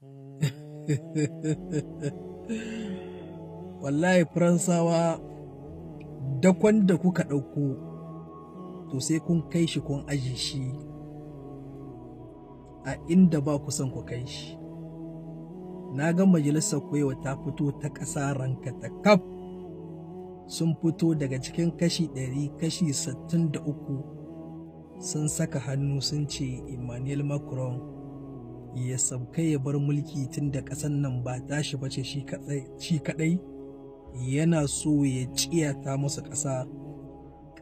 wallahi faransawa dakon da kuka ɗauko to sai kun kai shi kun aji shi a inda ba ku son ku kai shi na ga majalisar koyewa ta fito ta ƙasa ranka ta kaf sun fito daga cikin kashi ɗari kashi sittin da uku sun saka hannu sun ce emmanuel macron ya sauka ya bar mulki tun da ƙasar nan ba tashi ba ce shi kaɗai yana so ya ciyata masa ƙasa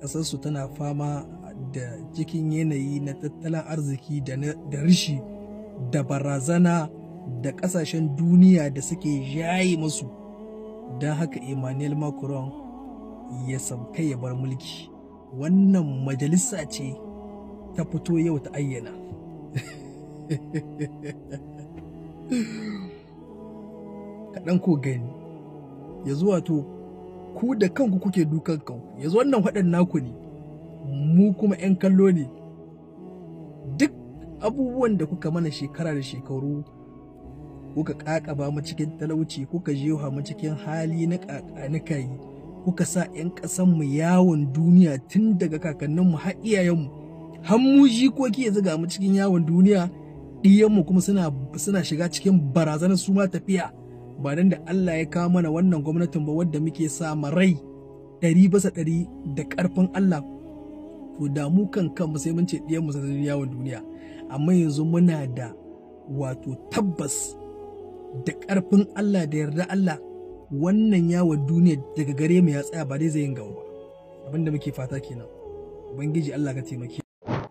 ƙasarsu tana fama da cikin yanayi na tattalin arziki da rishi da barazana da ƙasashen duniya da suke yayi masu don haka emmanuel macron ya sauka ya bar mulki wannan majalisa ce ta fito yau ta ayyana kaɗan ko gani ya zuwa to ku da kanku kuke dukan kanku yanzu wannan haɗin naku ne mu kuma 'yan kallo ne duk abubuwan da kuka mana shekara da shekaru kuka ƙaƙaba mu cikin talauci kuka jewa mu cikin hali na ƙaƙanika kayi kuka sa 'yan mu yawon duniya tun daga kakanninmu har iyayenmu har mu jikoki ya zuga mu cikin yawon duniya ɗiyanmu kuma suna suna shiga cikin barazanar suma tafiya ba dan da Allah ya kawo mana wannan gwamnatin ba wadda muke sa rai ɗari bisa ɗari da ƙarfin Allah to da mu kan kanmu sai mun ce ɗiyanmu sa yawon duniya amma yanzu muna da wato tabbas da ƙarfin Allah da yarda Allah wannan wa duniya daga gare mu ya tsaya ba dai zai yin gaba ba abinda muke fata kenan ubangiji Allah ka taimake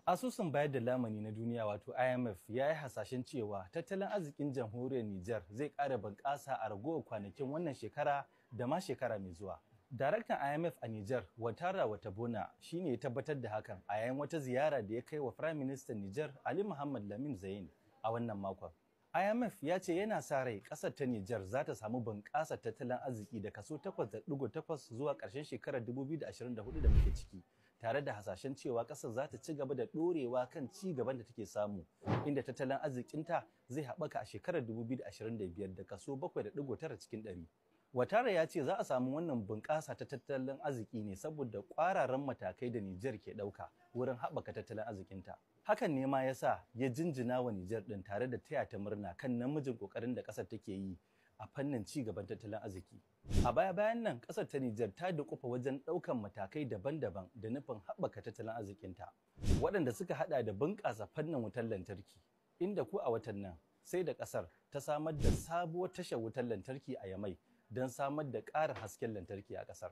Asusun bayar da lamani na duniya wato IMF ya yi hasashen cewa tattalin arzikin jamhuriyar Nijar zai ƙara bunƙasa a ragowar kwanakin wannan shekara da ma shekara mai zuwa. Daraktan IMF a Nijar, Watara Watabona, shi ne ya tabbatar da hakan a yayin wata ziyara da ya kai wa Firayim Ministan Nijar Ali Muhammad Lamin Zayin a wannan makon. IMF ya ce yana sa rai ƙasar ta Nijar za ta samu bunƙasar tattalin arziki da kaso 8.8 zuwa ƙarshen shekarar 2024 da muke ciki. tare da hasashen cewa ƙasar za ta ci gaba da ɗorewa kan ci gaban da take samu inda tattalin arzikinta zai haɓaka a shekarar 2025 da kaso 7.9 cikin 100. Watara ya ce za a samu wannan bunƙasa ta tattalin arziki ne saboda ƙwararan matakai da Nijar ke ɗauka wurin haɓaka tattalin arzikinta. Hakan ne ma ya sa ya jinjina wa Nijar ɗin tare da taya ta murna kan namijin ƙoƙarin da ƙasar take yi a fannin ci gaban tattalin arziki. A baya-bayan nan ƙasar ta Nijar ta dukufa wajen ɗaukan matakai daban-daban da nufin haɓaka tattalin arzikinta, waɗanda suka haɗa da bunƙasa fannin wutar lantarki, inda ku a watan nan sai da ƙasar ta samar da sabuwar tashar wutar lantarki a Yamai don samar da ƙarin hasken lantarki a ƙasar.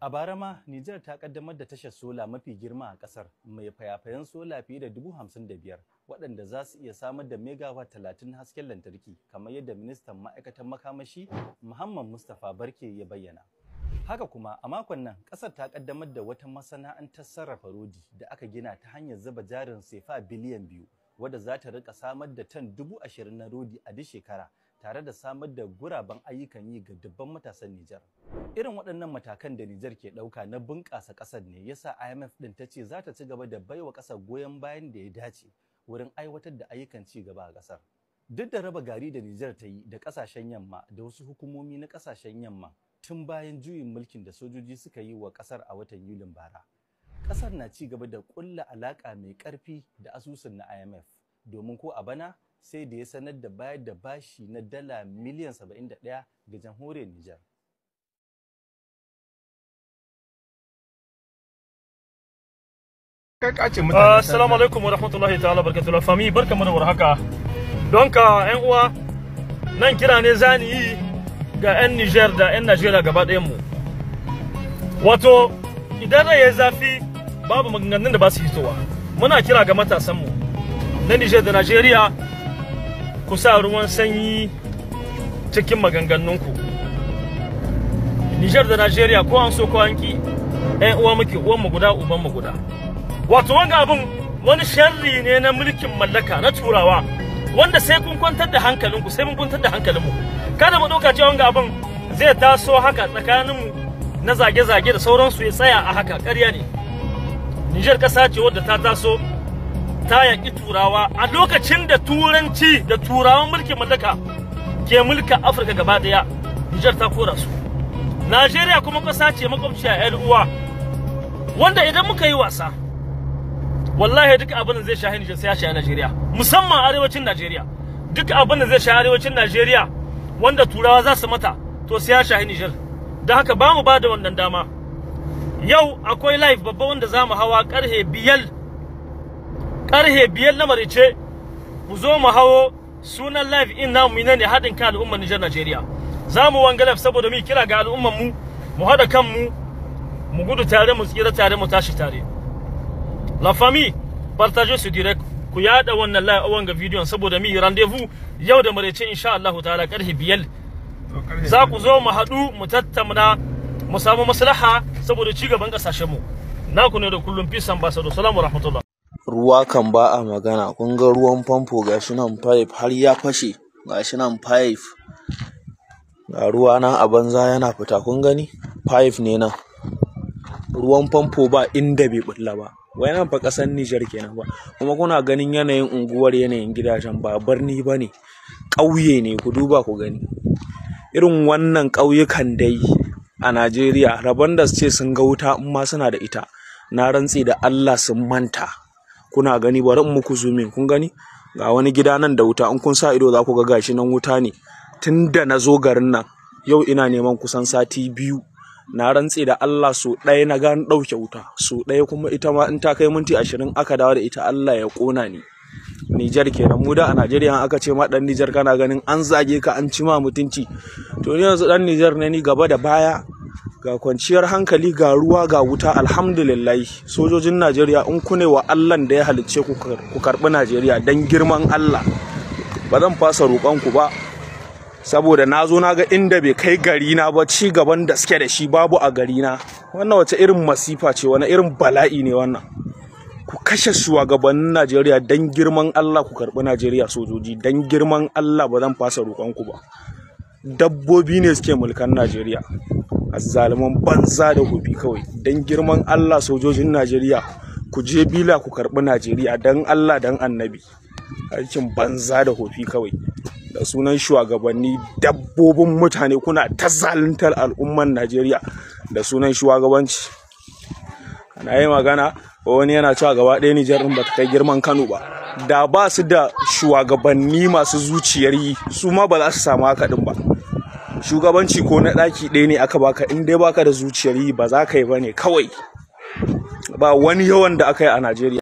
A bara ma Nijar ta kaddamar da tashar sola mafi girma a kasar mai fayafayen sola fiye da dubu hamsin da biyar waɗanda za su iya samar da megawatt talatin hasken lantarki kamar yadda ministan ma'aikatan makamashi Muhammad Mustapha Barke ya bayyana. Haka kuma a makon nan ƙasar ta kaddamar da wata masana'antar sarrafa rodi da aka gina ta hanyar zuba jarin sefa biliyan biyu wadda za ta rika samar da tan dubu ashirin na rodi a duk shekara tare da samar da guraben ayyukan yi ga dubban matasan Nijar. Irin waɗannan matakan da Nijar ke ɗauka na bunƙasa ƙasar ne yasa IMF ɗin ta ce za ta ci gaba da baiwa ƙasar goyon bayan da ya dace wurin aiwatar da ayyukan ci gaba a ƙasar. Duk da raba gari da Nijar ta yi da ƙasashen yamma da wasu hukumomi na ƙasashen yamma tun bayan juyin mulkin da sojoji suka yi wa ƙasar a watan Yulin bara. Ƙasar na ci gaba da ƙulla alaƙa mai ƙarfi da asusun na IMF domin ko a bana sai da ya sanar da bayar da bashi na dala miliyan 71 ga jamhuriyar Nijar. Ah, assalamu alaikum wa rahmatullahi ta'ala barkatullah fami barka mana warhaka. Don ka yan uwa nan kira ne zani yi ga 'yan Nijar da 'yan Najeriya gaba mu. Wato idan rai ya zafi babu maganganun da ba su hitowa. Muna kira ga matasanmu. na Nijar da Najeriya ku sa ruwan sanyi cikin maganganunku Nijar da Najeriya ko an so ko an ki ɗan uwa muke uwan mu guda uban mu guda wato wanga abun wani sharri ne na mulkin mallaka na turawa wanda sai kun kwantar da hankalinku sai mun kwantar da hankalinmu kada mu ɗauka cewa wanga abun zai taso haka tsakanin mu na zage-zage da sauransu ya tsaya a haka ƙarya ne Nijar ƙasa ce wadda ta taso ta yaki turawa a lokacin da turanci da turawan mulkin mallaka ke mulka afirka gaba daya nijar ta kora su najeriya kuma ƙasa ce makwabciya yan uwa wanda idan muka yi wasa wallahi duk abin da zai shahi nijar sai ya shahi najeriya musamman arewacin najeriya duk abin da zai shahi arewacin najeriya wanda turawa za su mata to sai ya shahi nijar da haka ba mu ba da wannan dama yau akwai live babba wanda zamu hawa karhe biyar karhe biyar na marice mu zo mu hawo sunan live in na ne ne haɗin kan al'ummar Nijar Najeriya za mu wangalaf saboda mu kira ga al'ummar mu mu haɗa kan mu gudu tare mu tsira tare mu tashi tare la famille partage ce direct ku yada wannan live wanga bidiyon saboda mu rendezvous yau da marice insha Allah ta'ala karhe biyar za ku zo mu haɗu mu tattauna mu samu maslaha saboda cigaban ƙasashenmu naku ne da kullum peace ambassador salamu rahmatullah ruwa kan ba a magana. Kun ga ruwan famfo ga shi nan faif har ya fashe, ga shi nan faif? Ga ruwa nan a banza yana fita kun gani? faif ne nan. Ruwan famfo ba inda bai bulla ba. Wai nan fa ƙasar Nijar kenan ba. Kuma kuna ganin yanayin unguwar yanayin gidajen ba birni ba ne, ƙauye ne ku duba ku gani. Irin wannan ƙauyukan dai a Najeriya rabon da su ce sun ga wuta in ma suna da ita. Na rantse da Allah sun manta. kuna gani bari in muku zoom kun gani ga wani gida nan da wuta in kun sa ido za ku ga gashi nan wuta ne tun na zo garin nan yau ina neman kusan sati biyu na rantse da Allah so ɗaya na ga ɗauke wuta so ɗaya kuma ita ma in ta kai minti ashirin aka dawo da ita Allah ya ƙona ni Nijar ke mu da a Najeriya aka ce ma dan Nijar kana ganin an zage ka an ci ma mutunci to yanzu ɗan Nijar ne ni gaba da baya ga kwanciyar hankali ga ruwa ga wuta alhamdulillahi sojojin najeriya in ku ne wa allan da ya halicce ku karɓi najeriya don girman allah ba zan fasa roƙonku ba saboda na zo na ga inda bai kai gari na ba ci gaban da suke da shi babu a garina. na wannan wace irin masifa ce wani irin bala'i ne wannan ku kashe shugabannin najeriya don girman allah ku karbi najeriya sojoji don girman allah ba zan fasa roƙonku ba dabbobi ne suke mulkan najeriya azzaluman banza da gobe kawai don girman allah sojojin najeriya ku je bila ku karbi najeriya don allah don annabi aikin banza da hofi kawai da sunan shugabanni dabbobin mutane kuna ta zaluntar al'umman najeriya da sunan shugabanci ana yi magana wani yana cewa gaba ɗaya nijar ba ta kai girman kano ba da ba su da shugabanni masu zuciyar yi su ma ba za su samu haka ɗin ba shugabanci ko na ɗaki ɗaya ne aka baka in dai baka da zuciyar yi ba za ka yi ba ne kawai ba wani yawan da aka yi a najeriya